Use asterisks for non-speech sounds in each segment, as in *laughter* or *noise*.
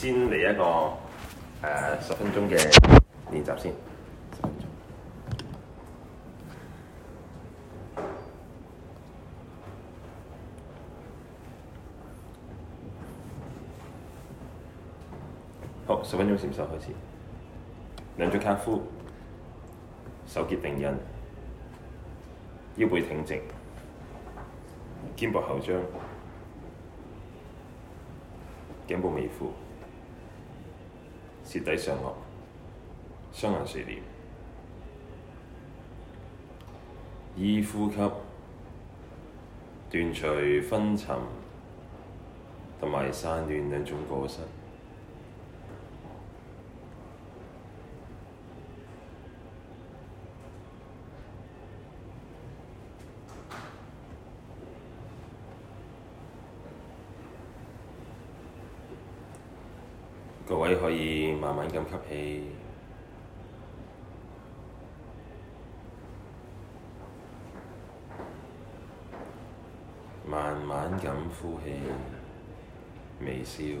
先嚟一個誒、啊、十分鐘嘅練習先。十分鐘好，十分鐘前手開始。兩腳卡夫，手結定印，腰背挺直，肩膊後張，頸部微負。徹底上落，雙眼視點，依呼吸，斷除昏沉，同埋散亂兩種過失。你可以慢慢咁吸氣，慢慢咁呼氣，微笑。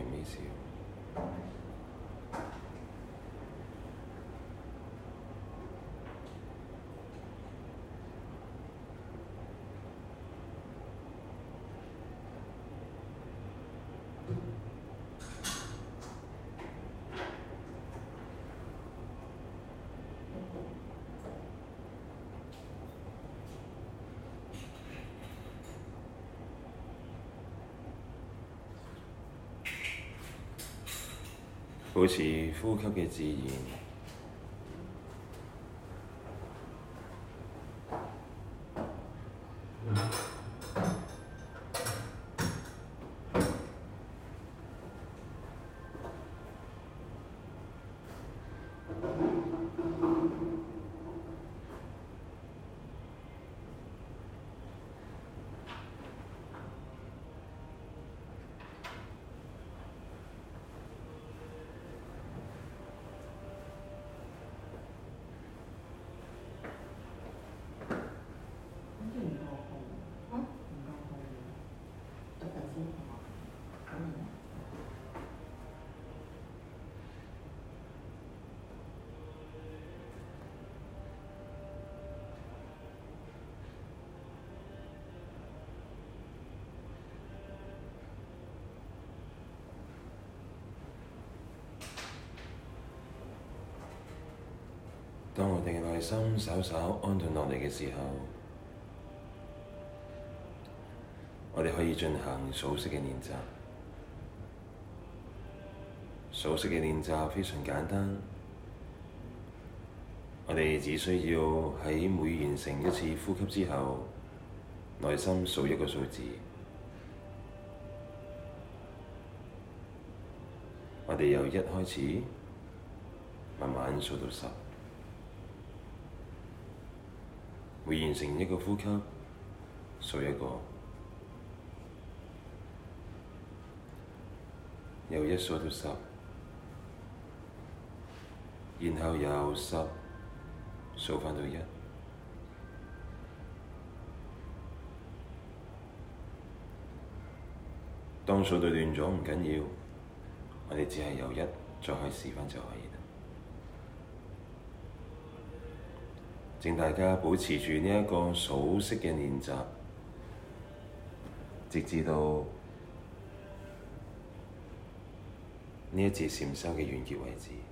保持呼吸嘅自然。當我哋嘅內心稍稍安頓落嚟嘅時候，我哋可以進行數息嘅練習。數息嘅練習非常簡單，我哋只需要喺每完成一次呼吸之後，內心數一個數字。我哋由一開始，慢慢數到十。會完成一個呼吸，數一個，由一數到十，然後由十數返到一。當數到亂咗唔緊要，我哋只係由一再開始返就可以。請大家保持住呢一個熟悉嘅練習，直至到呢一節禪修嘅完結為止。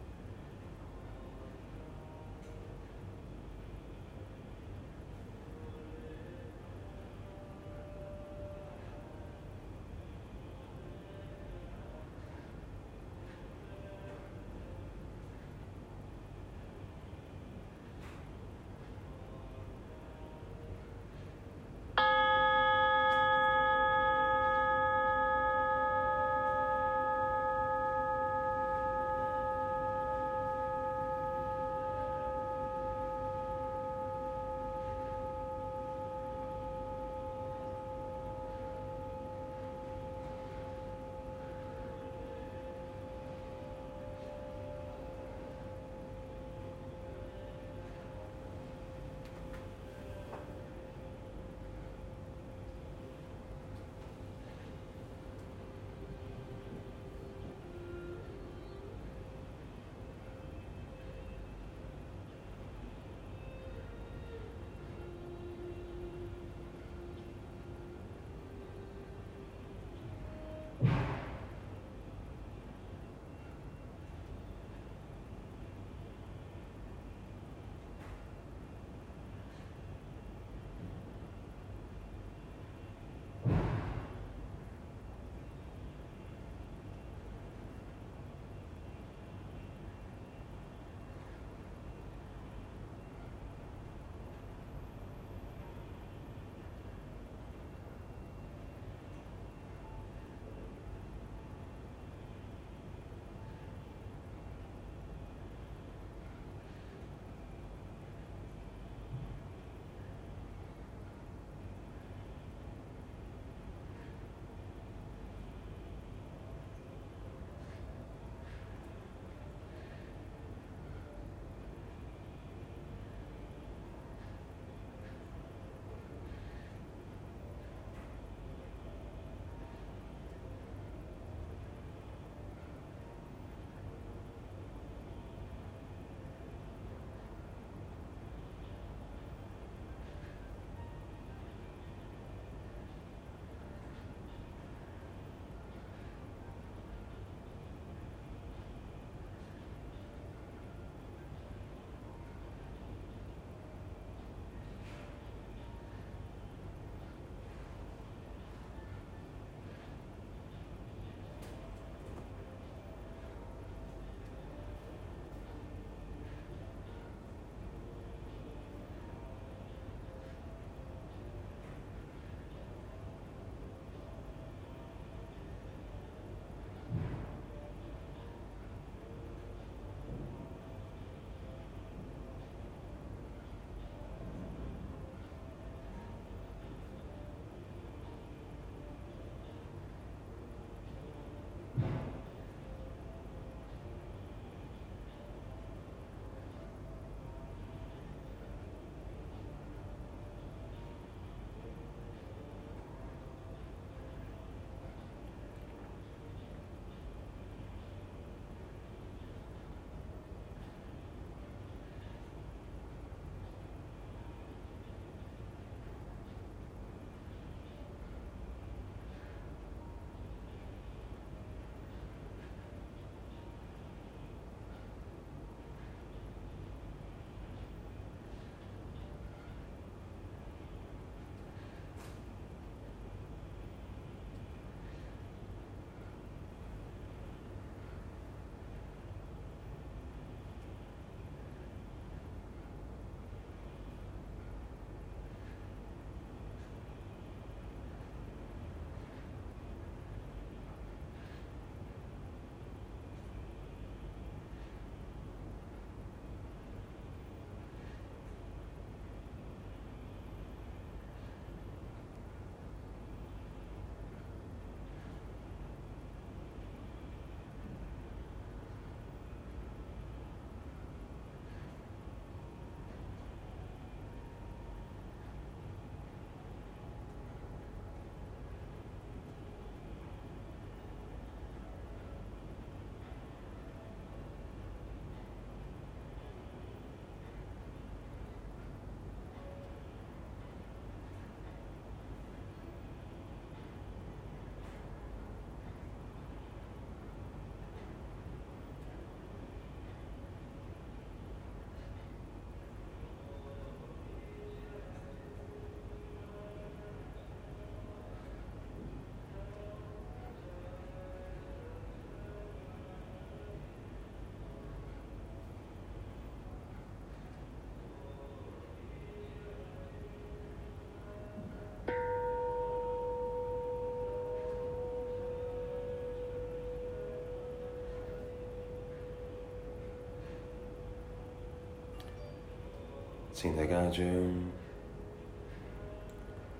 請大家將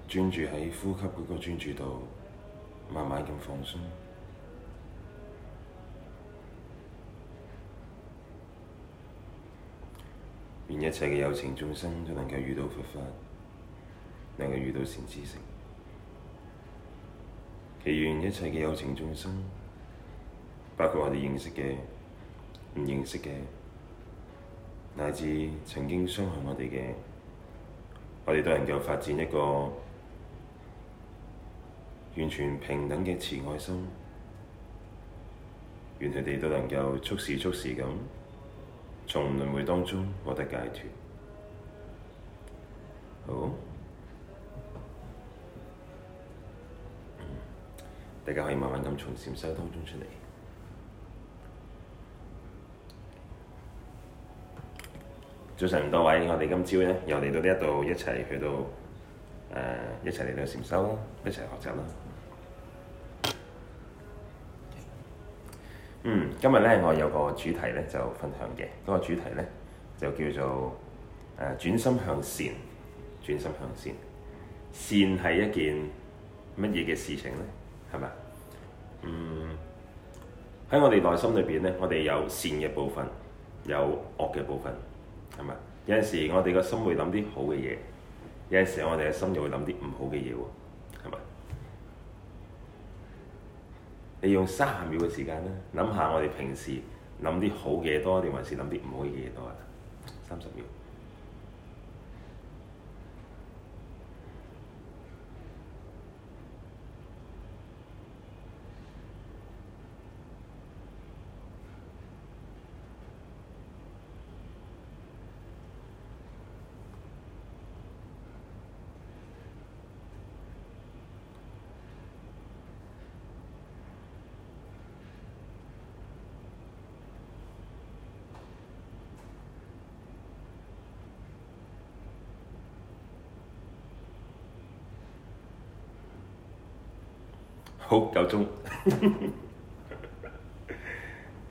專注喺呼吸嗰個專注度，慢慢咁放鬆，願一切嘅有情眾生都能夠遇到佛法，能夠遇到善知識，祈願一切嘅有情眾生，包括我哋認識嘅、唔認識嘅。乃至曾經傷害我哋嘅，我哋都能夠發展一個完全平等嘅慈愛心，願佢哋都能夠速時速時咁從輪迴當中獲得解脫。好，大家可以慢慢咁從禪修當中出嚟。早晨，各位，我哋今朝咧又嚟到呢一度，一齊去到誒一齊嚟到禪修啦，一齊學習啦。嗯，今日咧我有個主題咧就分享嘅，嗰個主題咧就叫做誒轉心向善，轉心向善。善係一件乜嘢嘅事情咧？係咪？嗯，喺我哋內心裏邊咧，我哋有善嘅部分，有惡嘅部分。係嘛？有陣時我哋個心會諗啲好嘅嘢，有陣時我哋嘅心又會諗啲唔好嘅嘢喎。係咪？你用三十秒嘅時間啦，諗下我哋平時諗啲好嘅嘢多定還是諗啲唔好嘅嘢多啊？三十秒。好，夠鐘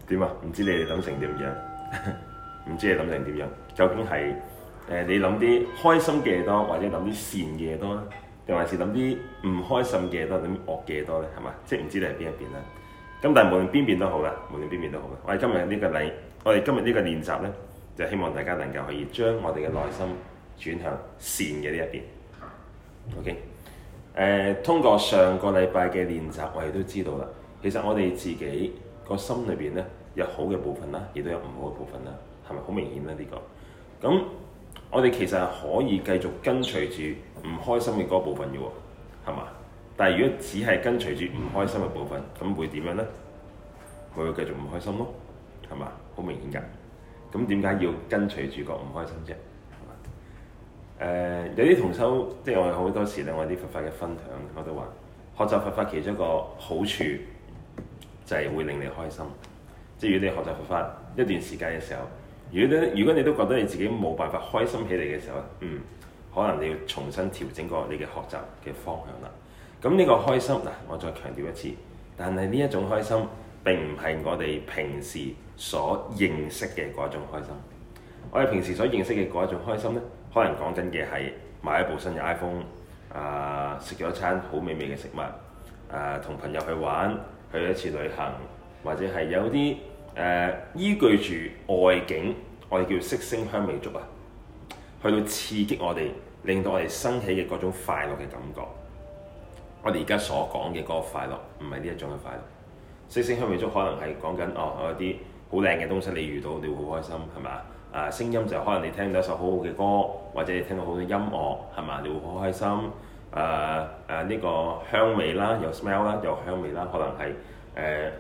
點啊？唔知你哋諗成點樣？唔知你諗成點樣， *laughs* 樣？究竟係誒、呃、你諗啲開心嘅嘢多，或者諗啲善嘅嘢多咧？定還是諗啲唔開心嘅嘢多，諗惡嘅嘢多咧？係嘛？即係唔知你係邊一邊啦。咁但係無論邊邊都好啦，無論邊邊都好啦。我哋今日呢個禮，我哋今日呢個練習呢，就希望大家能夠可以將我哋嘅內心轉向善嘅呢一邊。OK。誒，通過上個禮拜嘅練習，我哋都知道啦。其實我哋自己個心裏邊咧，有好嘅部分啦，亦都有唔好嘅部分啦，係咪好明顯咧、啊？呢、這個咁，我哋其實係可以繼續跟隨住唔開心嘅嗰部分嘅喎，係嘛？但係如果只係跟隨住唔開心嘅部分，咁會點樣咧？咪會繼續唔開心咯，係嘛？好明顯㗎、啊。咁點解要跟隨住個唔開心啫？誒、uh，有啲同修，即係我有好多時咧。我啲佛法嘅分享我都話，學習佛法其中一個好處就係會令你開心。即係如果你學習佛法一段時間嘅時候，如果你如果你都覺得你自己冇辦法開心起嚟嘅時候咧，嗯，可能你要重新調整過你嘅學習嘅方向啦。咁呢個開心嗱，我再強調一次，但係呢一種開心並唔係我哋平時所認識嘅嗰一種開心。我哋平時所認識嘅嗰一種開心咧。可能講緊嘅係買一部新嘅 iPhone，啊、呃、食咗一餐好美味嘅食物，啊、呃、同朋友去玩，去一次旅行，或者係有啲誒、呃、依據住外景，我哋叫色聲香味觸啊，去到刺激我哋，令到我哋生起嘅嗰種快樂嘅感覺。我哋而家所講嘅嗰個快樂，唔係呢一種嘅快樂。色聲香味觸可能係講緊哦，有一啲好靚嘅東西你遇到，你會好開心，係嘛？啊，聲音就可能你聽到一首好好嘅歌，或者你聽到好多音樂，係嘛？你會好開心。誒、啊、誒，呢、啊這個香味啦，又 smell 啦，又香味啦，可能係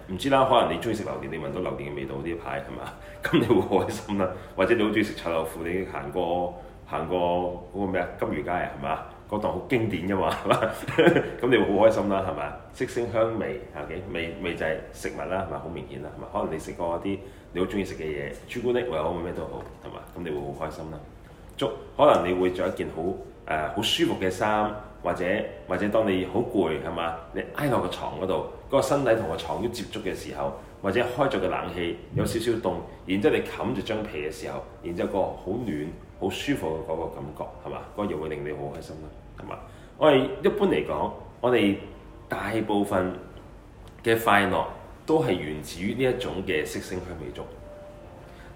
誒唔知啦。可能你中意食榴蓮，你聞到榴蓮嘅味道呢一排係嘛？咁你會好開心啦。或者你好中意食臭豆腐，你行過行過嗰個咩啊？金魚街係嘛？嗰檔好經典㗎嘛，係嘛？咁你會好開心啦，係嘛？色聲香味，OK，味味就係食物啦，係咪？好明顯啦，係嘛？可能你食過啲。你好中意食嘅嘢，朱古力或者咩都好，係嘛？咁你會好開心啦。著可能你會着一件好誒好舒服嘅衫，或者或者當你好攰係嘛？你挨落個床嗰度，嗰個身體同個床都接觸嘅時候，或者開咗個冷氣有少少凍，然之後你冚住張被嘅時候，然之後個好暖好舒服嘅嗰個感覺係嘛？嗰樣會令你好開心啦，係嘛？我哋一般嚟講，我哋大部分嘅快樂，都係源自於呢一種嘅色聲香味觸，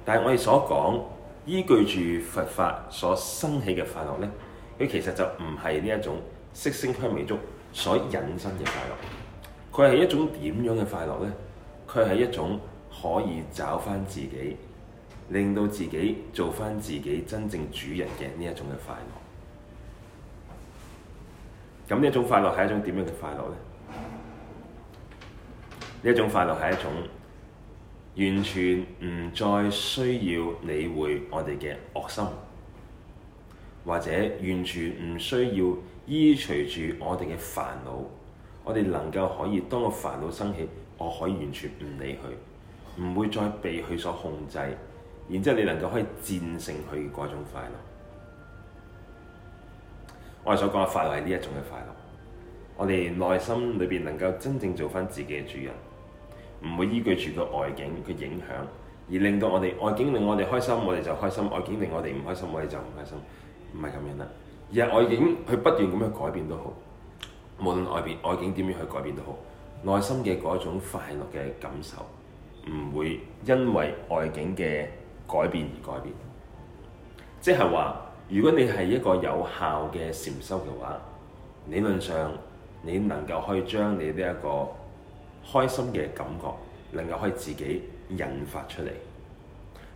但係我哋所講，依據住佛法所生起嘅快樂呢，佢其實就唔係呢一種色聲香味觸所引申嘅快樂。佢係一種點樣嘅快樂呢？佢係一種可以找翻自己，令到自己做翻自己真正主人嘅呢一種嘅快樂。咁呢一種快樂係一種點樣嘅快樂呢？呢一種快樂係一種完全唔再需要理會我哋嘅惡心，或者完全唔需要依隨住我哋嘅煩惱，我哋能夠可以當個煩惱生起，我可以完全唔理佢，唔會再被佢所控制。然之後你能夠可以戰勝佢嗰種快樂。我哋所講嘅快樂係呢一種嘅快樂，我哋內心裏邊能夠真正做翻自己嘅主人。唔會依據住個外景嘅影響，而令到我哋外景令我哋開心，我哋就開心；外景令我哋唔開心，我哋就唔開心。唔係咁樣啦。而係外景佢不斷咁樣改變都好，無論外邊外景點樣去改變都好，內心嘅嗰種快樂嘅感受唔會因為外景嘅改變而改變。即係話，如果你係一個有效嘅禪修嘅話，理論上你能夠去將你呢、這、一個。開心嘅感覺能夠可以自己引發出嚟，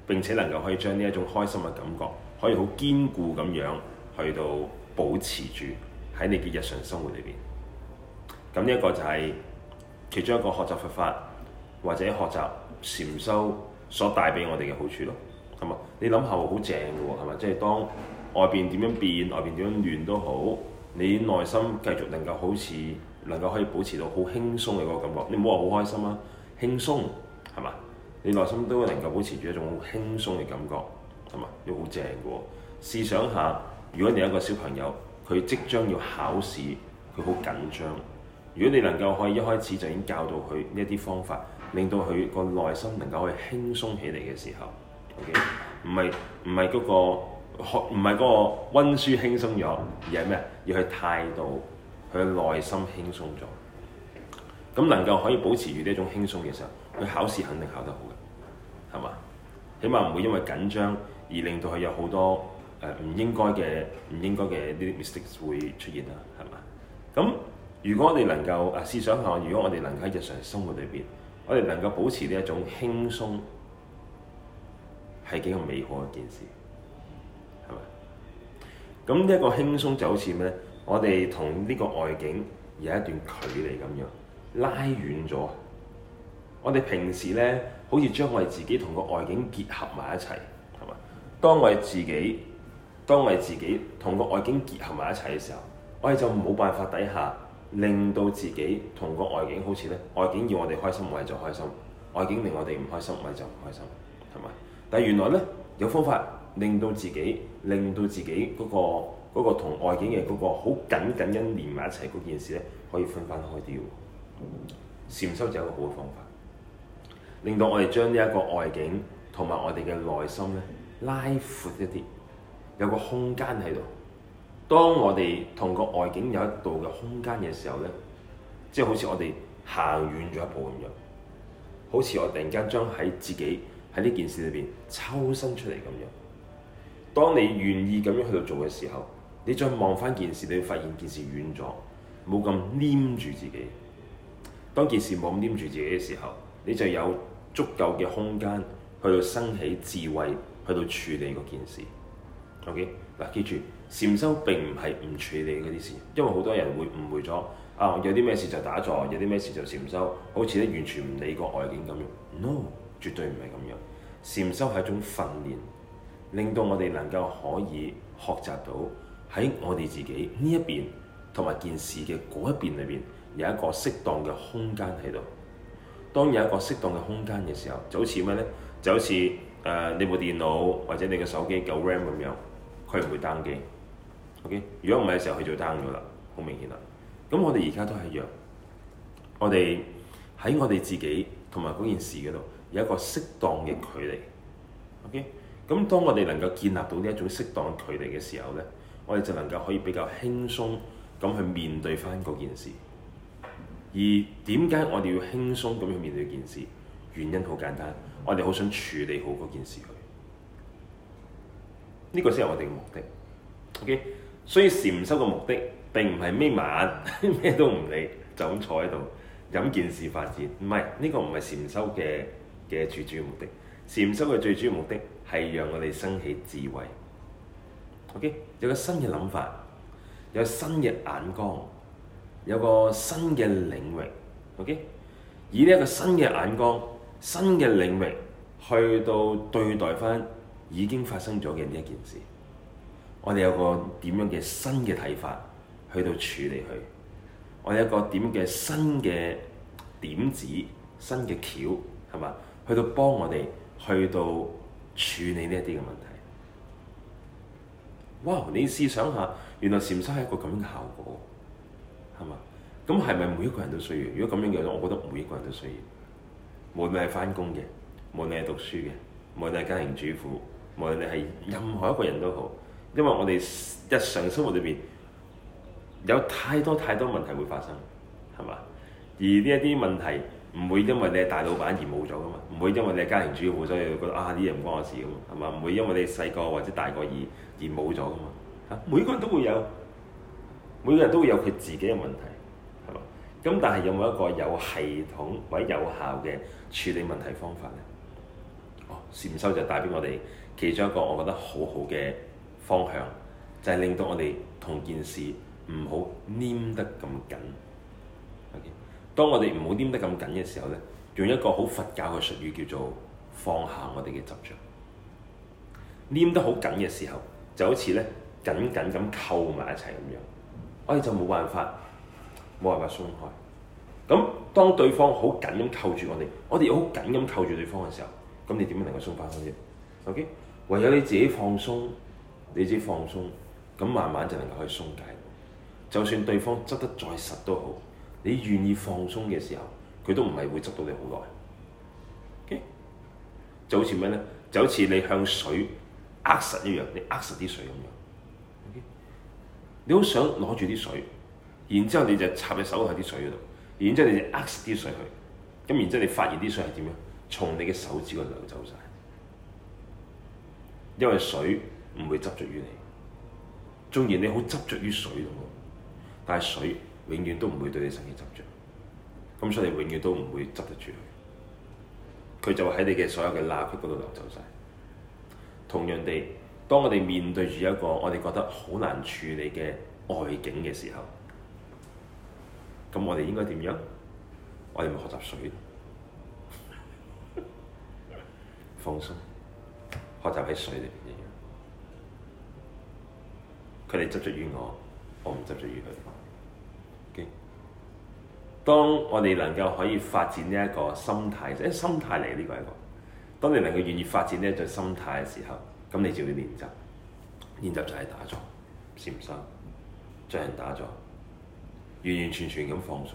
並且能夠可以將呢一種開心嘅感覺可以好堅固咁樣去到保持住喺你嘅日常生活裏邊。咁呢一個就係其中一個學習佛法或者學習禪修所帶俾我哋嘅好處咯。係嘛？你諗下，好正㗎喎，係嘛？即係當外邊點樣變，外邊點樣亂都好，你內心繼續能夠好似～能夠可以保持到好輕鬆嘅嗰個感覺，你唔好話好開心啊，輕鬆係嘛？你內心都能夠保持住一種好輕鬆嘅感覺，係嘛？要好正嘅喎。試想下，如果你有一個小朋友佢即將要考試，佢好緊張。如果你能夠可以一開始就已經教到佢呢一啲方法，令到佢個內心能夠可以輕鬆起嚟嘅時候，OK？唔係唔係嗰個學，唔係嗰個溫書輕鬆咗，而係咩？要去態度。佢嘅內心輕鬆咗，咁能夠可以保持住呢一種輕鬆嘅時候，佢考試肯定考得好嘅，係嘛？起碼唔會因為緊張而令到佢有好多誒唔、呃、應該嘅唔應該嘅呢啲 mistakes 會出現啦，係嘛？咁如果我哋能夠誒試想下，如果我哋能夠喺、啊、日常生活裏邊，我哋能夠保持呢一種輕鬆係幾咁美好嘅一件事，係嘛？咁一、呢個輕鬆就好似咩咧？我哋同呢個外景有一段距離咁樣拉遠咗。我哋平時呢，好似將我哋自己同個外景結合埋一齊，係嘛？當我哋自己，當我哋自己同個外景結合埋一齊嘅時候，我哋就冇辦法底下令到自己同個外景好似呢。外景要我哋開心，我哋就開心；外景令我哋唔開心，我哋就唔開心，係嘛？但係原來呢，有方法令到自己，令到自己嗰個。嗰同外境嘅嗰個好緊緊咁連埋一齊嗰件事咧，可以分翻開啲。禪修就有一個好嘅方法，令到我哋將呢一個外境同埋我哋嘅內心咧拉闊一啲，有個空間喺度。當我哋同個外境有一度嘅空間嘅時候咧，即係好似我哋行遠咗一步咁樣，好似我突然間將喺自己喺呢件事裏邊抽身出嚟咁樣。當你願意咁樣去到做嘅時候，你再望翻件事，你會發現件事遠咗，冇咁黏住自己。當件事冇黏住自己嘅時候，你就有足夠嘅空間去到生起智慧，去到處理嗰件事。OK 嗱，記住，禪修並唔係唔處理嗰啲事，因為好多人會誤會咗啊，有啲咩事就打坐，有啲咩事就禪修，好似咧完全唔理個外境咁樣。No，絕對唔係咁樣。禪修係一種訓練，令到我哋能夠可以學習到。喺我哋自己呢一邊，同埋件事嘅嗰一邊裏邊，有一個適當嘅空間喺度。當有一個適當嘅空間嘅時候，就好似咩呢？就好似誒、呃、你部電腦或者你嘅手機夠 RAM 咁樣，佢唔會 down 機。OK，如果唔係嘅時候，佢就 down 咗啦，好明顯啦。咁我哋而家都係一樣，我哋喺我哋自己同埋嗰件事嗰度有一個適當嘅距離。OK，咁當我哋能夠建立到呢一種適當距離嘅時候呢。我哋就能夠可以比較輕鬆咁去面對翻嗰件事。而點解我哋要輕鬆咁去面對件事？原因好簡單，我哋好想處理好嗰件事佢。呢個先係我哋嘅目的。O.K.，所以禪修嘅目的並唔係眯埋眼咩都唔理就咁坐喺度飲件事發展，唔係呢個，唔係禪修嘅嘅最主要目的。禪修嘅最主要目的係讓我哋生起智慧。OK，有個新嘅諗法，有新嘅眼光，有個新嘅領域。OK，以呢一個新嘅眼光、新嘅領域去到對待翻已經發生咗嘅呢一件事，我哋有個點樣嘅新嘅睇法去到處理佢，我哋有個點嘅新嘅點子、新嘅橋，係嘛？去到幫我哋去到處理呢一啲嘅問題。哇！Wow，你試想下，原來禪修係一個咁樣嘅效果，係嘛？咁係咪每一個人都需要？如果咁樣嘅，我覺得每一個人都需要。無論係翻工嘅，無論係讀書嘅，無論係家庭主婦，無論你係任何一個人都好，因為我哋日常生活裏邊有太多太多問題會發生，係嘛？而呢一啲問題唔會因為你係大老闆而冇咗噶嘛，唔會因為你係家庭主婦所以覺得啊呢樣唔關我事噶嘛，係嘛？唔會因為你細個或者大個而。而冇咗噶嘛？每個人都會有，每個人都會有佢自己嘅問題，係嘛？咁但係有冇一個有系統或者有效嘅處理問題方法呢？哦，禪修就帶俾我哋其中一個我覺得好好嘅方向，就係、是、令到我哋同件事唔好黏得咁緊。OK，當我哋唔好黏得咁緊嘅時候呢，用一個好佛教嘅術語叫做放下我哋嘅執著。黏得好緊嘅時候。就好似咧，緊緊咁扣埋一齊咁樣，我哋就冇辦法，冇辦法鬆開。咁當對方好緊咁扣住我哋，我哋又好緊咁扣住對方嘅時候，咁你點樣能夠鬆返開啫？OK，唯有你自己放鬆，你自己放鬆，咁慢慢就能夠去鬆解。就算對方執得再實都好，你願意放鬆嘅時候，佢都唔係會執到你好耐。OK，就好似咩咧？就好似你向水，扼實一樣，你扼實啲水咁樣。Okay? 你好想攞住啲水，然之後你就插你手喺啲水嗰度，然之後你就扼實啲水去。咁然之後你發現啲水係點樣？從你嘅手指嗰度流走晒，因為水唔會執着於你，縱然你好執着於水喎，但係水永遠都唔會對你成日執着。咁所以你永遠都唔會執得住佢。佢就喺你嘅所有嘅罅隙嗰度流走晒。同樣地，當我哋面對住一個我哋覺得好難處理嘅外境嘅時候，咁我哋應該點樣？我哋要學習水， *laughs* 放心，學習喺水裏面。佢哋執着於我，我唔執着於佢。嘅、okay，當我哋能夠可以發展呢一個心態，即係心態嚟，呢個係一個。當你能夠願意發展呢一種心態嘅時候，咁你就要練習。練習就係打坐、禪修、將人打坐，完完全全咁放鬆，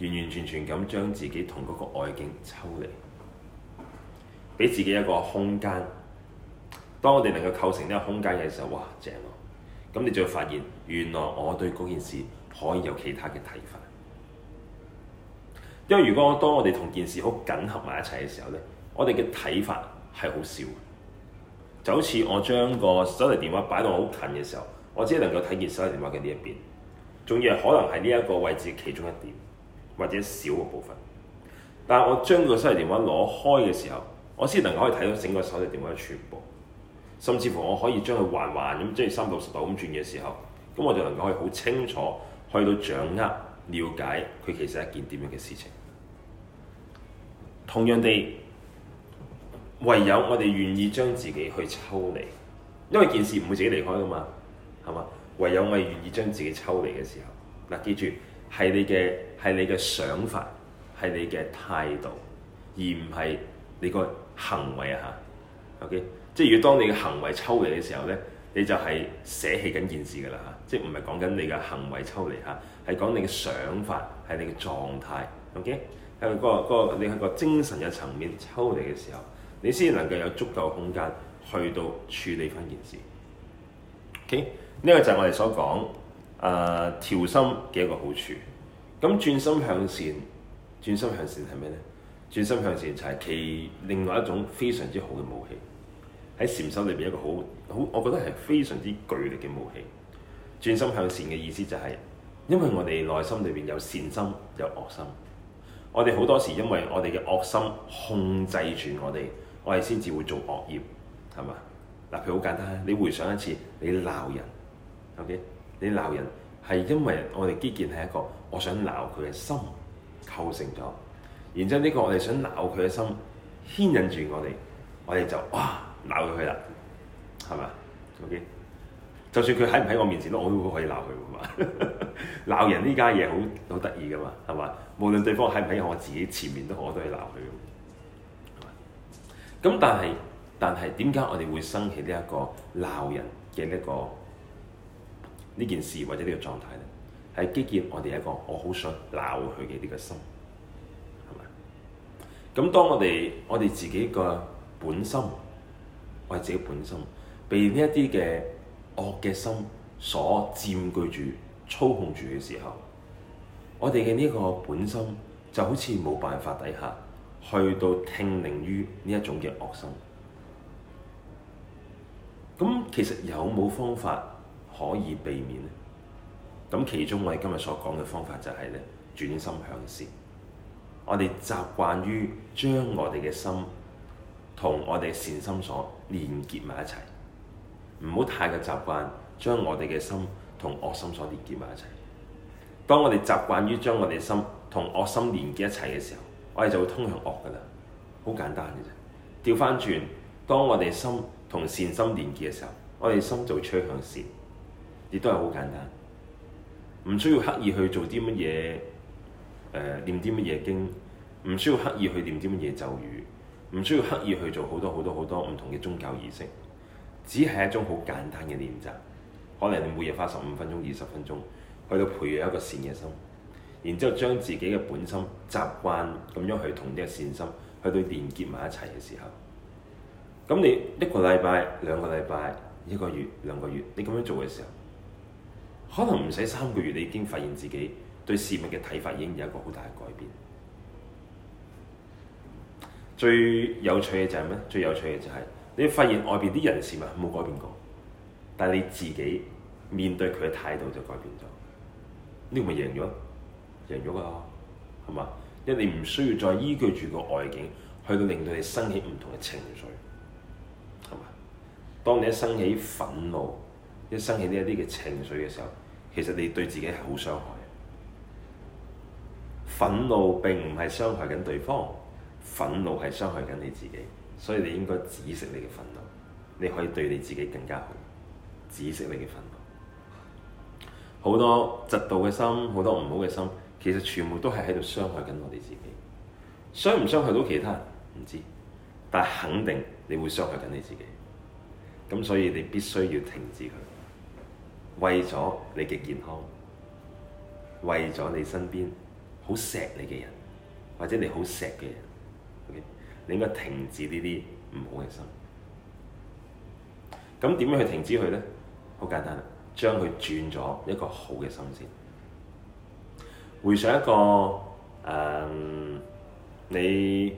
完完全全咁將自己同嗰個外境抽離，畀自己一個空間。當我哋能夠構成呢個空間嘅時候，哇，正咯，啊！咁你就會發現，原來我對嗰件事可以有其他嘅睇法。因為如果當我哋同件事好緊合埋一齊嘅時候呢，我哋嘅睇法係好少，就好似我將個手提電話擺到好近嘅時候，我只能夠睇見手提電話嘅呢一邊，仲要係可能係呢一個位置其中一點或者少嘅部分。但係我將個手提電話攞開嘅時候，我先能夠可以睇到整個手提電話嘅全部，甚至乎我可以將佢環環咁即係三六十度咁轉嘅時候，咁我就能夠可以好清楚去到掌握、了解佢其實係一件點樣嘅事情。同樣地，唯有我哋願意將自己去抽離，因為件事唔會自己離開噶嘛，係嘛？唯有我哋願意將自己抽離嘅時候，嗱，記住係你嘅係你嘅想法，係你嘅態度，而唔係你個行為啊吓。O K，即係如果當你嘅行為抽離嘅時候咧，你就係捨棄緊件事噶啦吓，即係唔係講緊你嘅行為抽離吓，係講你嘅想法係你嘅狀態。O K。喺、那個個你喺個精神嘅層面抽離嘅時候，你先能夠有足夠空間去到處理翻件事。OK，呢個就係我哋所講誒、呃、調心嘅一個好處。咁轉心向善，轉心向善係咩呢？轉心向善就係其另外一種非常之好嘅武器，喺禪修裏邊一個好好，我覺得係非常之巨力嘅武器。轉心向善嘅意思就係、是，因為我哋內心裏邊有善心有惡心。我哋好多時因為我哋嘅惡心控制住我哋，我哋先至會做惡業，係嘛？嗱，譬如好簡單，你回想一次，你鬧人，OK？你鬧人係因為我哋基建係一個我想鬧佢嘅心構成咗，然之後呢個我哋想鬧佢嘅心牽引住我哋，我哋就哇鬧佢去啦，係嘛？OK？就算佢喺唔喺我面前都，我都可以鬧佢。咁嘛，鬧人呢家嘢好好得意噶嘛，係嘛？無論對方喺唔喺我自己前面，我都可以鬧佢。咁，但係但係點解我哋會生起呢一個鬧人嘅呢個呢件事或者呢個狀態呢？係基結我哋一個我好想鬧佢嘅呢個心，係咪？咁當我哋我哋自己個本心，我哋自己本心，被呢一啲嘅。惡嘅心所佔據住、操控住嘅時候，我哋嘅呢個本心就好似冇辦法底下去到聽令於呢一種嘅惡心。咁其實有冇方法可以避免呢？咁其中我哋今日所講嘅方法就係咧轉心向善。我哋習慣於將我哋嘅心同我哋善心所連結埋一齊。唔好太過習慣，將我哋嘅心同惡心所連結埋一齊。當我哋習慣於將我哋心同惡心連結一齊嘅時候，我哋就會通向惡㗎喇。好簡單嘅啫。掉返轉，當我哋心同善心連結嘅時候，我哋心就會趨向善，亦都係好簡單。唔需要刻意去做啲乜嘢，誒唸啲乜嘢經，唔需要刻意去念啲乜嘢咒語，唔需要刻意去做好多好多好多唔同嘅宗教儀式。只係一種好簡單嘅練習，可能你每日花十五分鐘、二十分鐘，去到培養一個善嘅心，然之後將自己嘅本心習慣咁樣去同呢個善心去到連結埋一齊嘅時候，咁你一個禮拜、兩個禮拜、一個月、兩個月，你咁樣做嘅時候，可能唔使三個月，你已經發現自己對事物嘅睇法已經有一個好大嘅改變。最有趣嘅就係咩？最有趣嘅就係、是、～你發現外邊啲人事物冇改變過，但係你自己面對佢嘅態度就改變咗，呢個咪贏咗，贏咗㗎，係嘛？因為你唔需要再依據住個外境去到令到你生起唔同嘅情緒，係嘛？當你一生起憤怒，一生起呢一啲嘅情緒嘅時候，其實你對自己係好傷害。憤怒並唔係傷害緊對方，憤怒係傷害緊你自己。所以你應該止息你嘅憤怒，你可以對你自己更加好。止息你嘅憤怒，好多嫉妒嘅心，好多唔好嘅心，其實全部都係喺度傷害緊我哋自己。傷唔傷害到其他人唔知，但肯定你會傷害緊你自己。咁所以你必須要停止佢，為咗你嘅健康，為咗你身邊好錫你嘅人，或者你好錫嘅人。應該停止呢啲唔好嘅心。咁點樣去停止佢呢？好簡單啦，將佢轉咗一個好嘅心先。回想一個誒、呃，你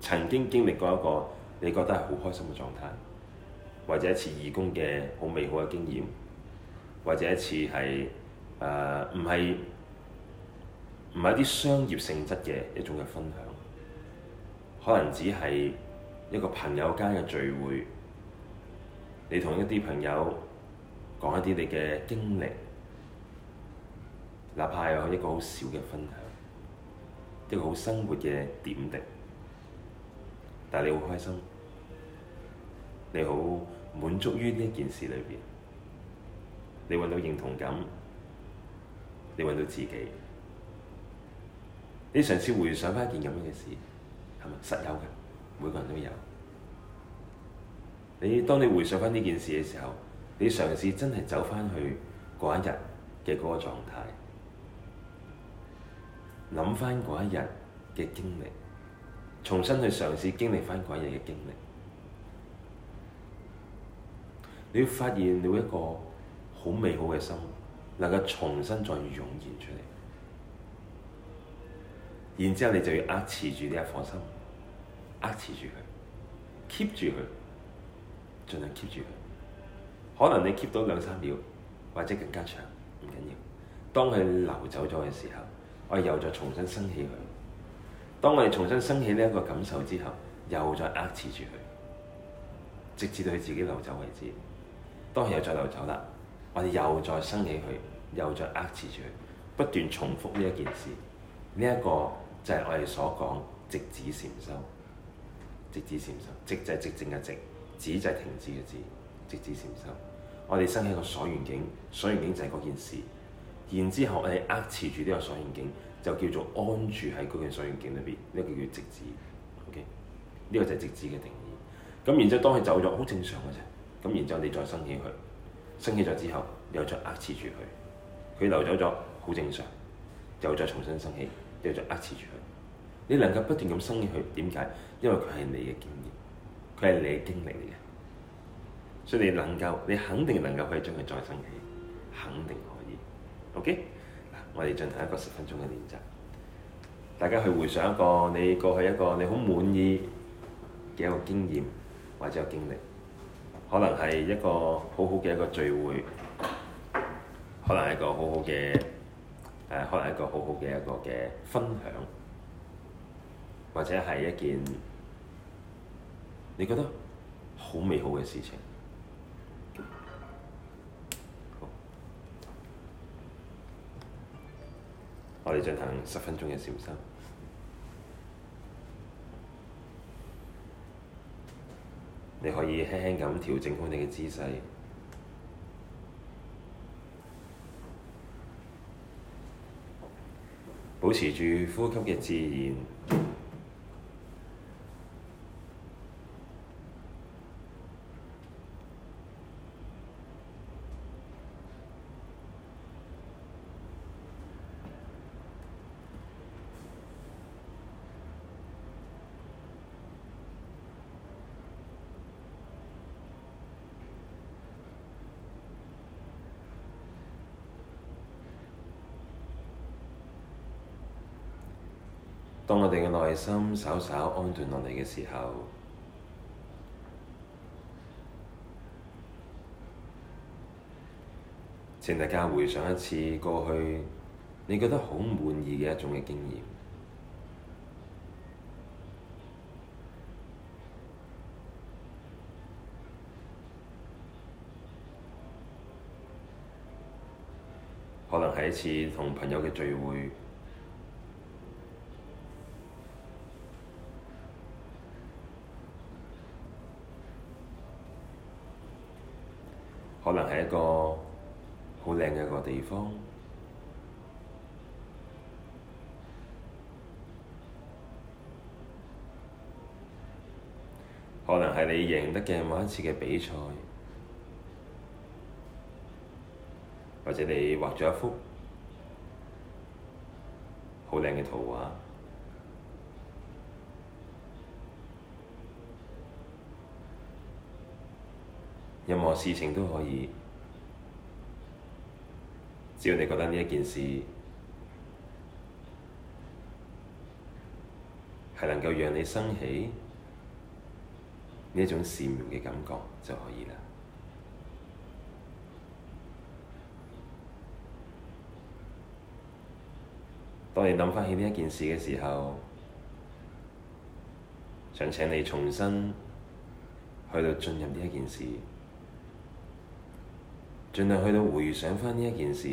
曾經經歷過一個你覺得係好開心嘅狀態，或者一次義工嘅好美好嘅經驗，或者一次係誒，唔係唔係，一啲商業性質嘅一種嘅分享。可能只係一個朋友間嘅聚會，你同一啲朋友講一啲你嘅經歷，哪怕係一個好小嘅分享，一個好生活嘅點滴，但係你好開心，你好滿足於呢件事裏邊，你揾到認同感，你揾到自己，你嘗試回想翻一件咁樣嘅事。係咪實有嘅？每個人都有。你當你回想翻呢件事嘅時候，你嘗試真係走翻去嗰一日嘅嗰個狀態，諗翻嗰一日嘅經歷，重新去嘗試經歷翻嗰一日嘅經歷，你會發現你會一個好美好嘅心，能夠重新再湧現出嚟。然之後你就要扼持住呢一顆心。扼持住佢，keep 住佢，盡量 keep 住佢。可能你 keep 到兩三秒，或者更加長，唔緊要。當佢流走咗嘅時候，我哋又再重新生起佢。當我哋重新生起呢一個感受之後，又再扼持住佢，直至到佢自己流走為止。當佢又再流走啦，我哋又再生起佢，又再扼持住佢，不斷重複呢一件事。呢、這、一個就係我哋所講直指禪修。直指禪修，直就係直正嘅直，止就係停止嘅止。直指禪修。我哋升起個所願境，所願境就係嗰件事。然之後我哋握持住呢個所願境，就叫做安住喺嗰件所願境裏邊。呢個叫直指。okay？呢個就係直指嘅定義。咁然之後，當佢走咗，好正常嘅啫。咁然之後，你再升起佢，升起咗之後，又再握持住佢。佢流走咗，好正常。又再重新升起，你又再握持住佢。你能夠不斷咁升起佢，點解？因為佢係你嘅經驗，佢係你嘅經歷嚟嘅，所以你能夠，你肯定能夠可以將佢再生起，肯定可以。OK，我哋進行一個十分鐘嘅練習，大家去回想一個你過去一個你好滿意嘅一個經驗或者個經歷，可能係一個好好嘅一個聚會，可能係一個好好嘅、呃、可能係一個好好嘅一個嘅分享，或者係一件你覺得好美好嘅事情，我哋進行十分鐘嘅小心。你可以輕輕咁調整好你嘅姿勢，保持住呼吸嘅自然。當我哋嘅內心稍稍安頓落嚟嘅時候，請大家回想一次過去，你覺得好滿意嘅一種嘅經驗，可能係一次同朋友嘅聚會。可能係一個好靚嘅一個地方，可能係你贏得嘅某一次嘅比賽，或者你畫咗一幅好靚嘅圖畫。任何事情都可以，只要你覺得呢一件事係能夠讓你生起呢一種羨慕嘅感覺就可以啦。當你諗翻起呢一件事嘅時候，想請你重新去到進入呢一件事。盡量去到回想翻呢一件事，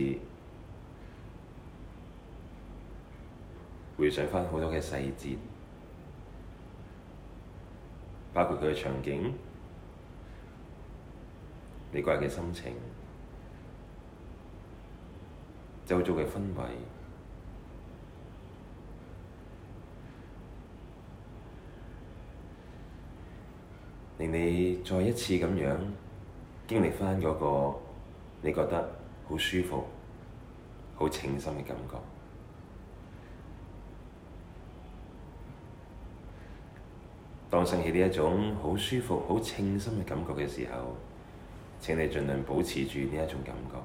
回想翻好多嘅細節，包括佢嘅場景、你個人嘅心情、周遭嘅氛圍，令你再一次咁樣經歷翻嗰個。你覺得好舒服、好清新嘅感覺。當升起呢一種好舒服、好清新嘅感覺嘅時候，請你盡量保持住呢一種感覺，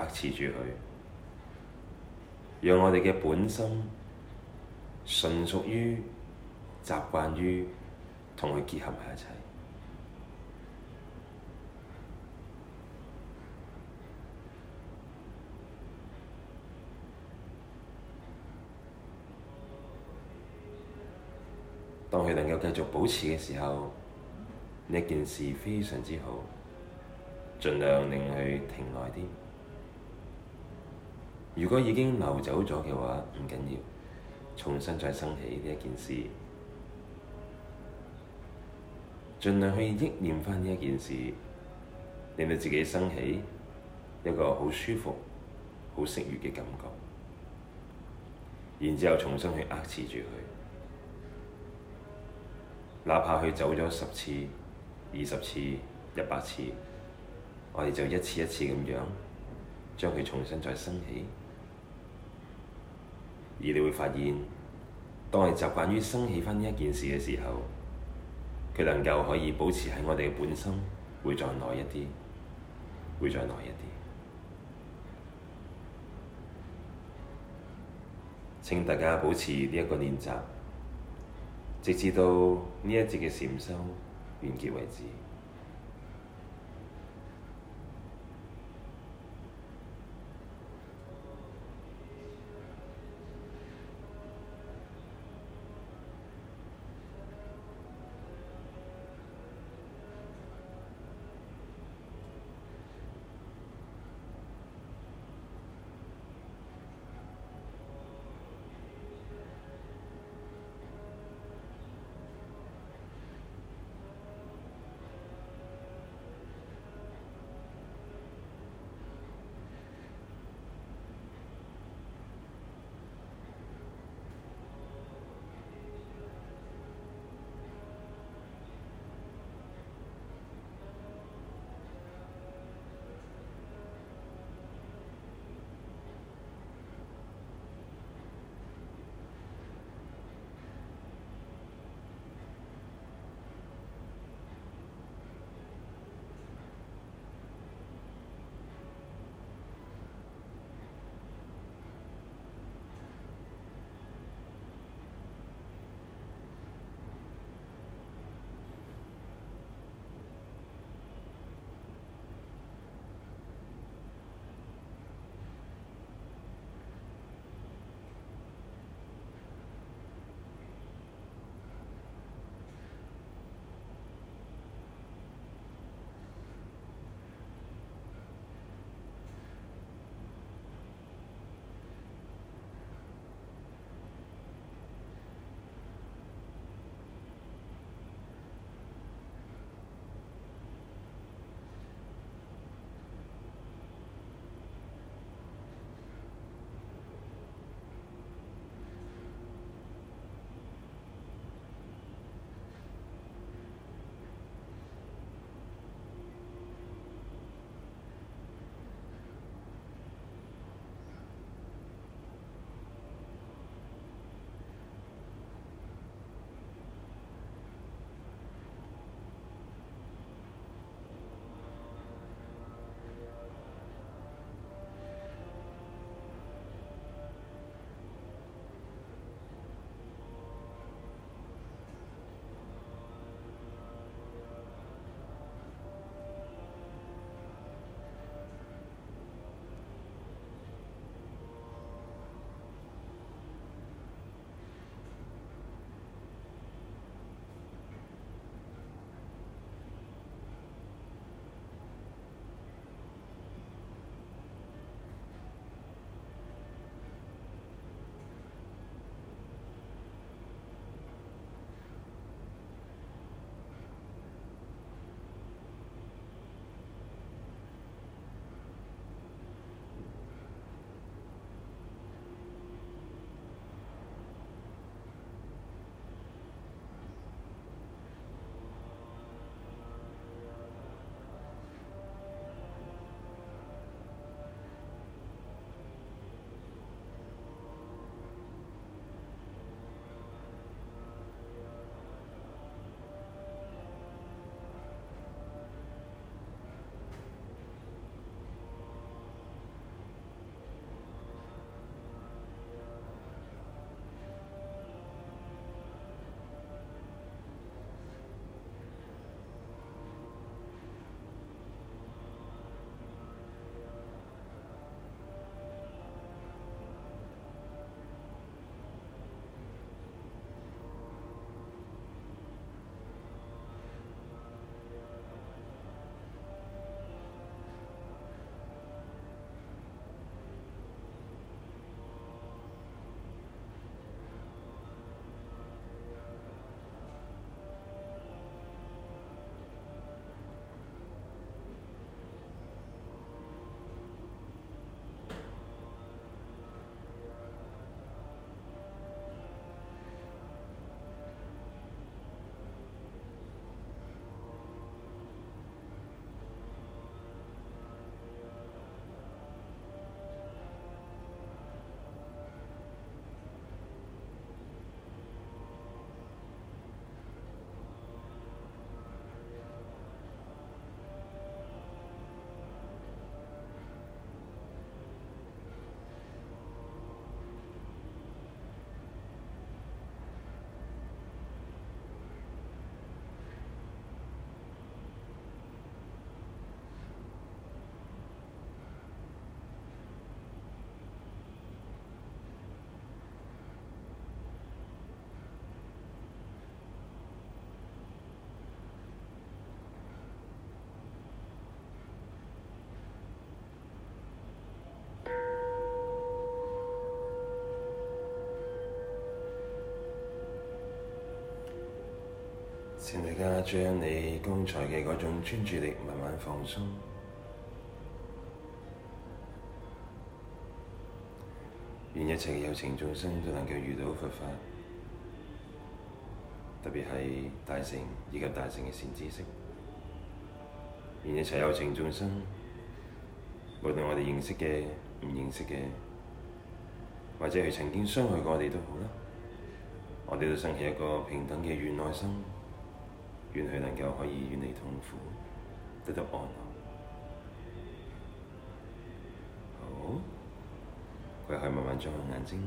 壓持住佢，讓我哋嘅本心純屬於習慣於同佢結合埋一齊。佢能夠繼續保持嘅時候，呢件事非常之好，盡量令佢停耐啲。如果已經流走咗嘅話，唔緊要，重新再生起呢一件事，盡量去憶念翻呢一件事，令到自己生起一個好舒服、好適悅嘅感覺，然之後重新去壓持住佢。哪怕佢走咗十次、二十次、一百次，我哋就一次一次咁樣將佢重新再升起。而你會發現，當我哋習慣於升起返呢一件事嘅時候，佢能夠可以保持喺我哋嘅本身，會再耐一啲，會再耐一啲。請大家保持呢一個練習。直至到呢一次嘅禪修完結為止。請大家將你剛才嘅嗰種專注力慢慢放鬆，願一切有情眾生都能夠遇到佛法，特別係大乘，以及大乘嘅善知識，願一切有情眾生，無論我哋認識嘅、唔認識嘅，或者係曾經傷害過我哋都好啦，我哋都升起一個平等嘅願愛心。願佢能夠可以遠離痛苦，得到安樂。好，佢可以慢慢張開眼睛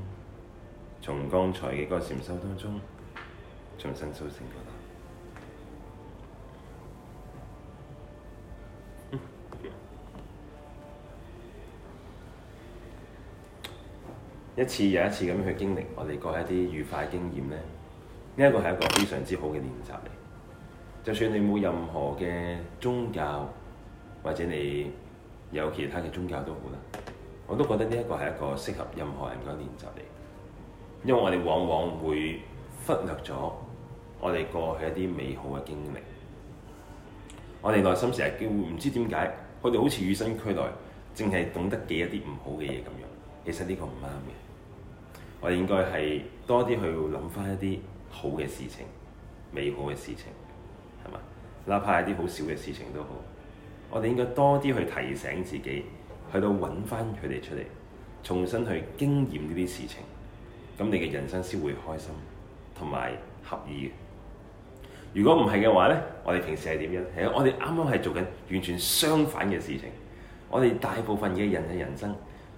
從剛才嘅嗰個禪修當中重新收成個度。一次又一次咁樣去經歷，我哋過一啲愉快嘅經驗咧，呢一個係一個非常之好嘅練習嚟。就算你冇任何嘅宗教，或者你有其他嘅宗教都好啦，我都覺得呢一個係一個適合任何人嘅練習嚟。因為我哋往往會忽略咗我哋過去一啲美好嘅經歷。我哋內心成日叫唔知點解，佢哋好似與生俱來淨係懂得記一啲唔好嘅嘢咁樣，其實呢個唔啱嘅，我哋應該係多啲去諗翻一啲好嘅事情、美好嘅事情。哪怕係啲好小嘅事情都好，我哋應該多啲去提醒自己，去到揾翻佢哋出嚟，重新去經驗呢啲事情，咁你嘅人生先會開心同埋合意嘅。如果唔係嘅話呢，我哋平時係點樣？係，我哋啱啱係做緊完全相反嘅事情。我哋大部分嘅人嘅人生，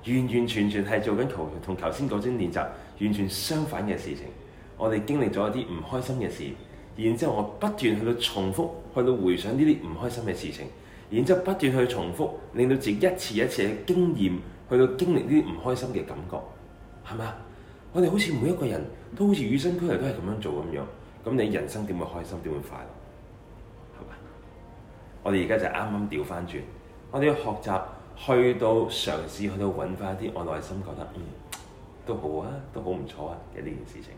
完完全全係做緊同頭先嗰種練習完全相反嘅事情。我哋經歷咗一啲唔開心嘅事。然之後，我不斷去到重複，去到回想呢啲唔開心嘅事情，然之後不斷去重複，令到自己一次一次嘅經驗，去到經歷啲唔開心嘅感覺，係咪？我哋好似每一個人都好似與生俱來都係咁樣做咁樣，咁你人生點會開心，點會快樂？係嘛？我哋而家就啱啱調翻轉，我哋要學習去到嘗試去到揾翻啲我內心覺得嗯都好啊，都好唔錯啊嘅呢件事情。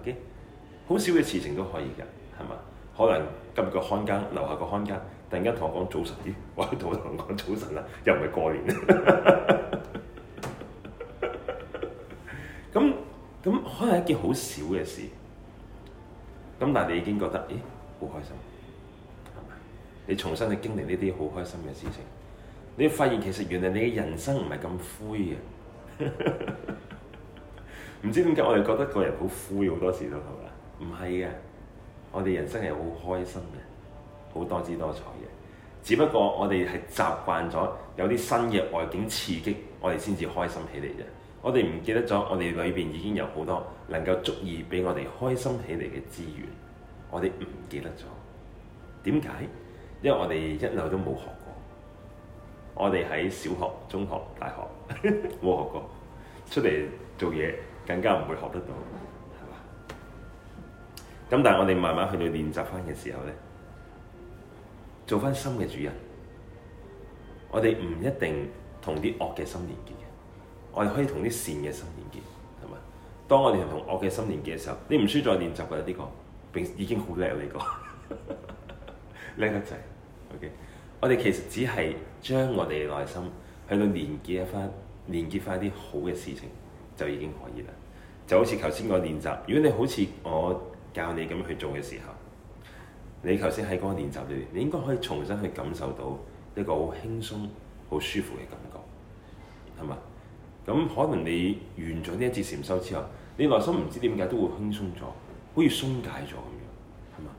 OK。好少嘅事情都可以㗎，係嘛？可能今日個看更，樓下個看更，突然間同我講早晨，我同我講早晨啦，又唔係過年，咁 *laughs* 咁可能一件好少嘅事，咁但係你已經覺得，咦、欸、好開心，你重新去經歷呢啲好開心嘅事情，你發現其實原來你嘅人生唔係咁灰嘅，唔 *laughs* 知點解我哋覺得個人好灰好多時都係唔係嘅，我哋人生係好開心嘅，好多姿多彩嘅。只不過我哋係習慣咗有啲新嘅外境刺激，我哋先至開心起嚟啫。我哋唔記得咗，我哋裏邊已經有好多能夠足以俾我哋開心起嚟嘅資源，我哋唔記得咗。點解？因為我哋一路都冇學過，我哋喺小學、中學、大學冇 *laughs* 學過，出嚟做嘢更加唔會學得到。咁但係我哋慢慢去到練習翻嘅時候咧，做翻心嘅主人，我哋唔一定同啲惡嘅心連結嘅，我哋可以同啲善嘅心連結，係咪？當我哋同惡嘅心連結嘅時候，你唔需要再練習㗎啦，呢、這個並已經好叻呢個，叻得滯。OK，我哋其實只係將我哋內心去到連結翻，連結翻啲好嘅事情就已經可以啦。就好似頭先個練習，如果你好似我。教你咁樣去做嘅時候，你頭先喺嗰個練習裏面，你應該可以重新去感受到一個好輕鬆、好舒服嘅感覺，係嘛？咁可能你完咗呢一節禪修之後，你內心唔知點解都會輕鬆咗，好似鬆解咗咁樣，係嘛？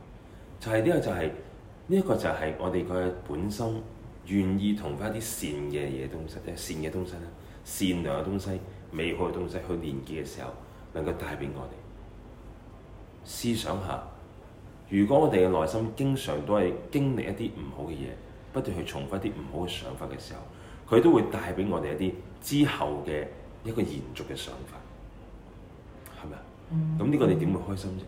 就係呢個，就係呢一個，就係我哋嘅本身願意同翻啲善嘅嘢東西咧，善嘅東西咧，善良嘅東西、美好嘅東西去連結嘅時候，能夠帶俾我哋。思想下，如果我哋嘅內心經常都係經歷一啲唔好嘅嘢，不斷去重複一啲唔好嘅想法嘅時候，佢都會帶俾我哋一啲之後嘅一個延續嘅想法，係咪啊？咁呢、嗯、個你點會開心啫？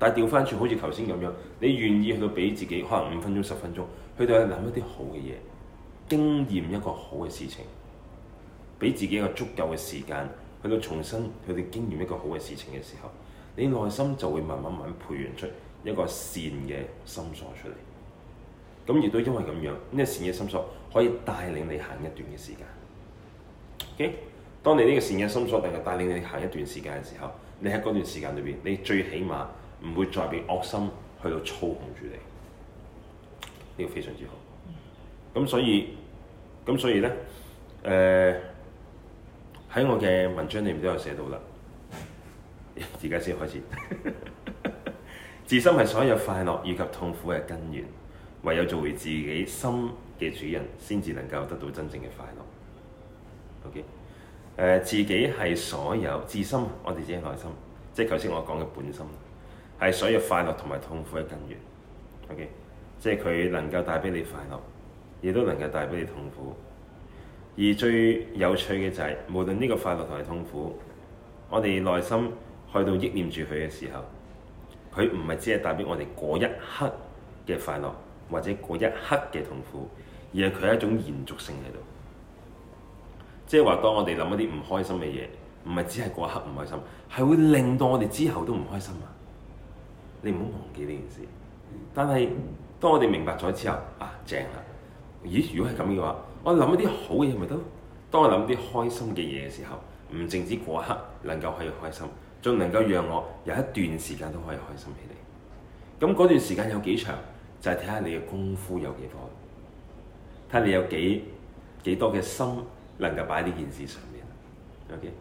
但係調翻轉，好似頭先咁樣，你願意去到俾自己可能五分鐘、十分鐘，去到去諗一啲好嘅嘢，經驗一個好嘅事情，俾自己一個足夠嘅時間去到重新去到經驗一個好嘅事情嘅時候。你內心就會慢慢慢培養出一個善嘅心所出嚟，咁亦都因為咁樣，呢、呢個善嘅心所可以帶領你行一段嘅時間。OK，當你呢個善嘅心所能夠帶領你行一段時間嘅、okay? 時，時候，你喺嗰段時間裏邊，你最起碼唔會再被惡心去到操控住你，呢、呢個非常之好。咁所以，咁所以呢，誒、呃、喺我嘅文章裏面都有寫到啦。而家先開始， *laughs* 自心係所有快樂以及痛苦嘅根源，唯有做回自己心嘅主人，先至能夠得到真正嘅快樂。Okay? 呃、自己係所有自心，我哋自己內心，即係頭先我講嘅本心，係所有快樂同埋痛苦嘅根源。OK，即係佢能夠帶俾你快樂，亦都能夠帶俾你痛苦。而最有趣嘅就係、是，無論呢個快樂同埋痛苦，我哋內心，去到憶念住佢嘅時候，佢唔係只係帶俾我哋嗰一刻嘅快樂，或者嗰一刻嘅痛苦，而係佢係一種延續性喺度。即係話，當我哋諗一啲唔開心嘅嘢，唔係只係嗰一刻唔開心，係會令到我哋之後都唔開心啊！你唔好忘記呢件事。但係當我哋明白咗之後，啊正啦、啊！咦，如果係咁嘅話，我諗一啲好嘅嘢咪得咯？當我諗啲開心嘅嘢嘅時候，唔淨止嗰一刻能夠係開心。仲能夠讓我有一段時間都可以開心起嚟，咁嗰段時間有幾長，就係睇下你嘅功夫有幾多，睇下你有幾幾多嘅心能夠擺呢件事上面。OK，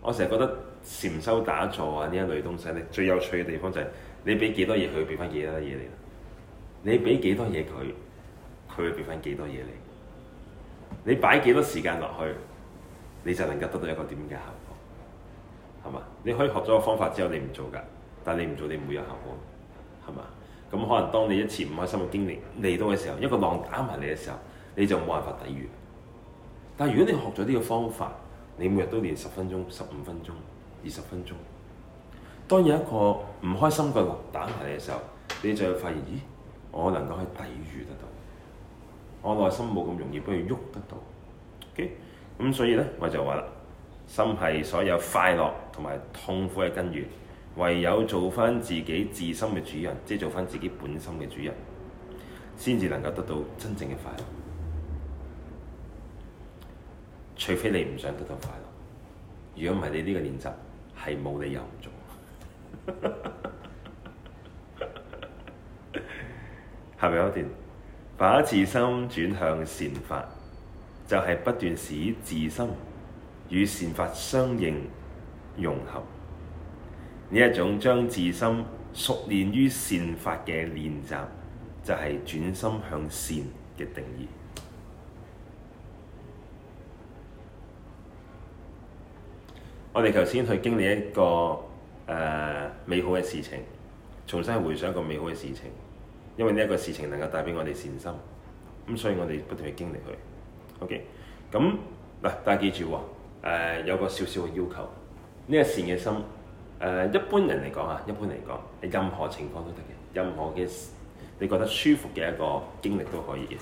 我成日覺得禪修打坐啊呢一類東西咧，最有趣嘅地方就係、是、你俾幾多嘢佢，佢俾翻幾多嘢你。你俾幾多嘢佢，佢會俾翻幾多嘢你。你擺幾多，多時間落去，你就能夠得到一個點嘅效果。係嘛？你可以學咗個方法之後，你唔做噶，但係你唔做，你唔會有效果，係嘛？咁可能當你一次唔開心嘅經歷嚟到嘅時候，一個浪打埋你嘅時候，你就冇辦法抵禦。但係如果你學咗呢個方法，你每日都練十分鐘、十五分鐘、二十分鐘，當有一個唔開心嘅浪打埋你嘅時候，你就會發現，咦，我能夠去抵禦得到，我內心冇咁容易俾佢喐得到。OK，咁所以呢，我就話啦。心係所有快樂同埋痛苦嘅根源，唯有做翻自己自心嘅主人，即係做翻自己本心嘅主人，先至能夠得到真正嘅快樂。除非你唔想得到快樂，如果唔係，你呢個練習係冇理由唔做。下面有一段，把自心轉向善法，就係、是、不斷使自心。與善法相應融合，呢一種將自心熟練於善法嘅練習，就係轉心向善嘅定義。 *noise* 我哋頭先去經歷一個誒、呃、美好嘅事情，重新回想一個美好嘅事情，因為呢一個事情能夠帶俾我哋善心，咁所以我哋不斷去經歷佢。OK，咁嗱，大家記住喎。誒、呃、有個少少嘅要求，呢、這個善嘅心，誒、呃、一般人嚟講啊，一般嚟講，任何情況都得嘅，任何嘅你覺得舒服嘅一個經歷都可以嘅。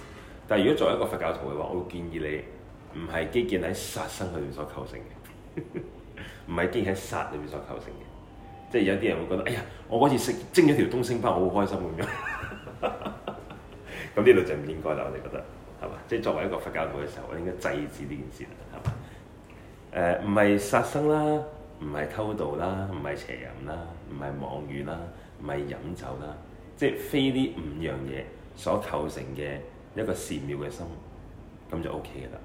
但係如果作為一個佛教徒嘅話，我會建議你唔係基建喺殺生裏面所構成嘅，唔 *laughs* 係基建喺殺裏面所構成嘅。即係有啲人會覺得，哎呀，我嗰次食蒸咗條東星斑，我好開心咁樣，咁呢度就唔應該啦，我哋覺得係嘛？即係作為一個佛教徒嘅時候，我應該制止呢件事。誒、唔係殺生啦，唔係偷盜啦，唔係邪淫啦，唔係妄語啦，唔係飲酒啦，即係非啲五樣嘢所構成嘅一個善妙嘅心，咁就 O K 啦。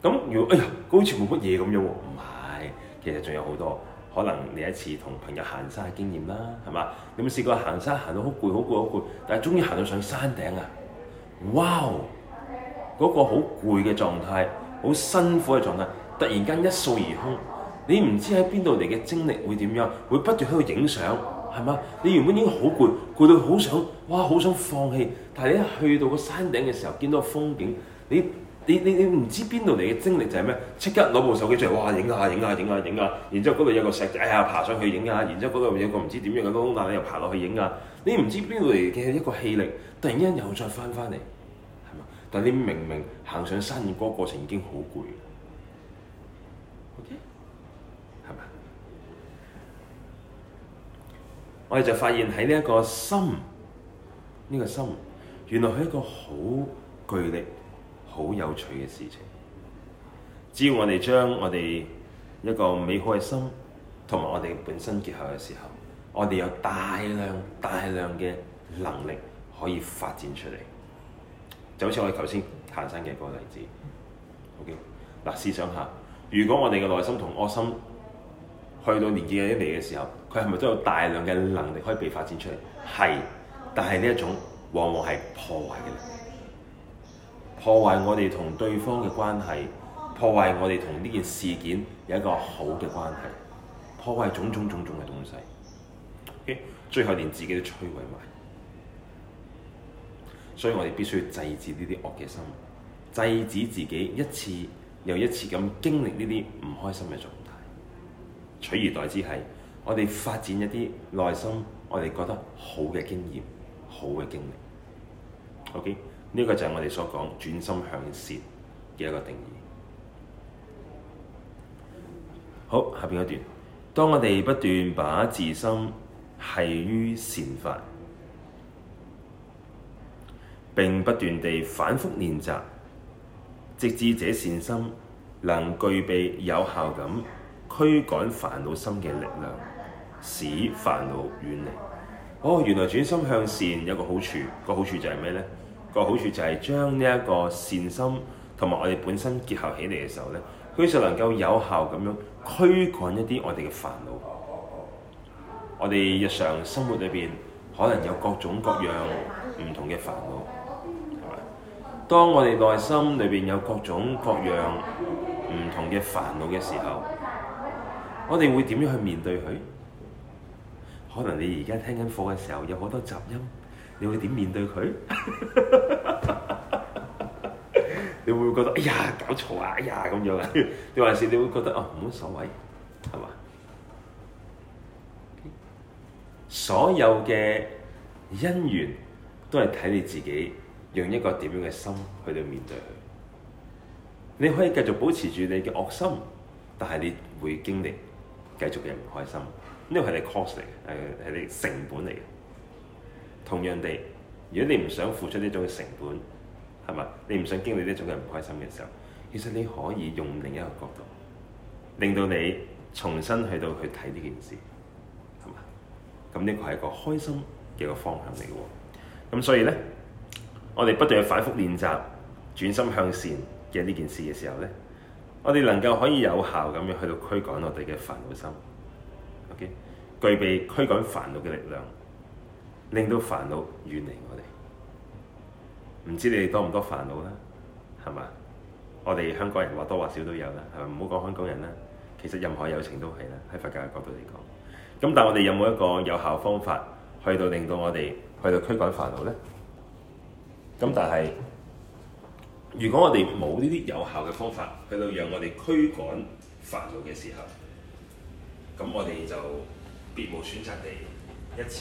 咁如果哎呀，佢好似冇乜嘢咁樣，唔係，其實仲有好多，可能你一次同朋友行山嘅經驗啦，係嘛？你有冇試過行山行到好攰好攰好攰，但係終於行到上山頂啊！哇哦，嗰個好攰嘅狀態，好辛苦嘅狀態。突然間一掃而空，你唔知喺邊度嚟嘅精力會點樣？會不斷喺度影相，係嘛？你原本已經好攰，攰到好想，哇，好想放棄。但係你一去到個山頂嘅時候，見到個風景，你你你你唔知邊度嚟嘅精力就係咩？即刻攞部手機出嚟，哇，影下、影下、影下、影啊！然之後嗰度有個石仔，哎呀，爬上去影啊！然之後嗰度有個唔知點樣嘅窿，但你又爬落去影啊！你唔知邊度嚟嘅一個氣力，突然間又再翻翻嚟，係嘛？但係你明明行上山嗰個過程已經好攰。Okay? 係嘛？我哋就發現喺呢一個心，呢、呢個心原來係一個好巨力、好有趣嘅事情。只要我哋將我哋一個美好嘅心同埋我哋本身結合嘅時候，我哋有大量大量嘅能力可以發展出嚟。就好似我哋頭先行山嘅嗰個例子。嗱、okay？試想下。如果我哋嘅內心同惡心去到年紀有啲嚟嘅時候，佢係咪都有大量嘅能力可以被發展出嚟？係，但係呢一種往往係破壞嘅能力，破壞我哋同對方嘅關係，破壞我哋同呢件事件有一個好嘅關係，破壞種種種種嘅東西，最後連自己都摧毀埋。所以我哋必須要制止呢啲惡嘅心，制止自己一次又一次咁經歷呢啲唔開心嘅狀態，取而代之係我哋發展一啲內心，我哋覺得好嘅經驗、好嘅經歷。OK，呢個就係我哋所講轉心向善嘅一個定義。好，下邊一段，當我哋不斷把自心繫於善法，並不斷地反覆練習。直至這善心能具備有效咁驅趕煩惱心嘅力量，使煩惱遠離。哦，原來轉心向善有個好處，個好處就係咩呢？個好處就係將呢一個善心同埋我哋本身結合起嚟嘅時候，呢佢就能夠有效咁樣驅趕一啲我哋嘅煩惱。我哋日常生活裏邊可能有各種各樣唔同嘅煩惱。當我哋內心裏邊有各種各樣唔同嘅煩惱嘅時候，我哋會點樣去面對佢？可能你而家聽緊課嘅時候有好多雜音，你會點面對佢？ *laughs* 你會唔會覺得哎呀，搞錯啊？哎呀咁樣啊？你還是你會覺得哦，冇乜所謂，係嘛？所有嘅因緣都係睇你自己。.用一個點樣嘅心去到面對佢，你可以繼續保持住你嘅惡心，但係你會經歷繼續嘅唔開心，呢個係你 cost 嚟嘅，係你成本嚟嘅。同樣地，如果你唔想付出呢種嘅成本，係嘛？你唔想經歷呢種嘅唔開心嘅時候，其實你可以用另一個角度，令到你重新去到去睇呢件事，係嘛？咁呢個係一個開心嘅一個方向嚟嘅喎。咁所以咧，我哋不斷去反覆練習轉心向善嘅呢件事嘅時候呢，我哋能夠可以有效咁樣去到驅趕我哋嘅煩惱心。OK，具備驅趕煩惱嘅力量，令到煩惱遠離我哋。唔知你哋多唔多煩惱呢？係嘛？我哋香港人或多或少都有啦，係咪？唔好講香港人啦，其實任何有情都係啦，喺佛教嘅角度嚟講。咁但係我哋有冇一個有效方法去到令到我哋去到驅趕煩惱呢？咁但係，如果我哋冇呢啲有效嘅方法去到讓我哋驅趕煩惱嘅時候，咁我哋就別無選擇地。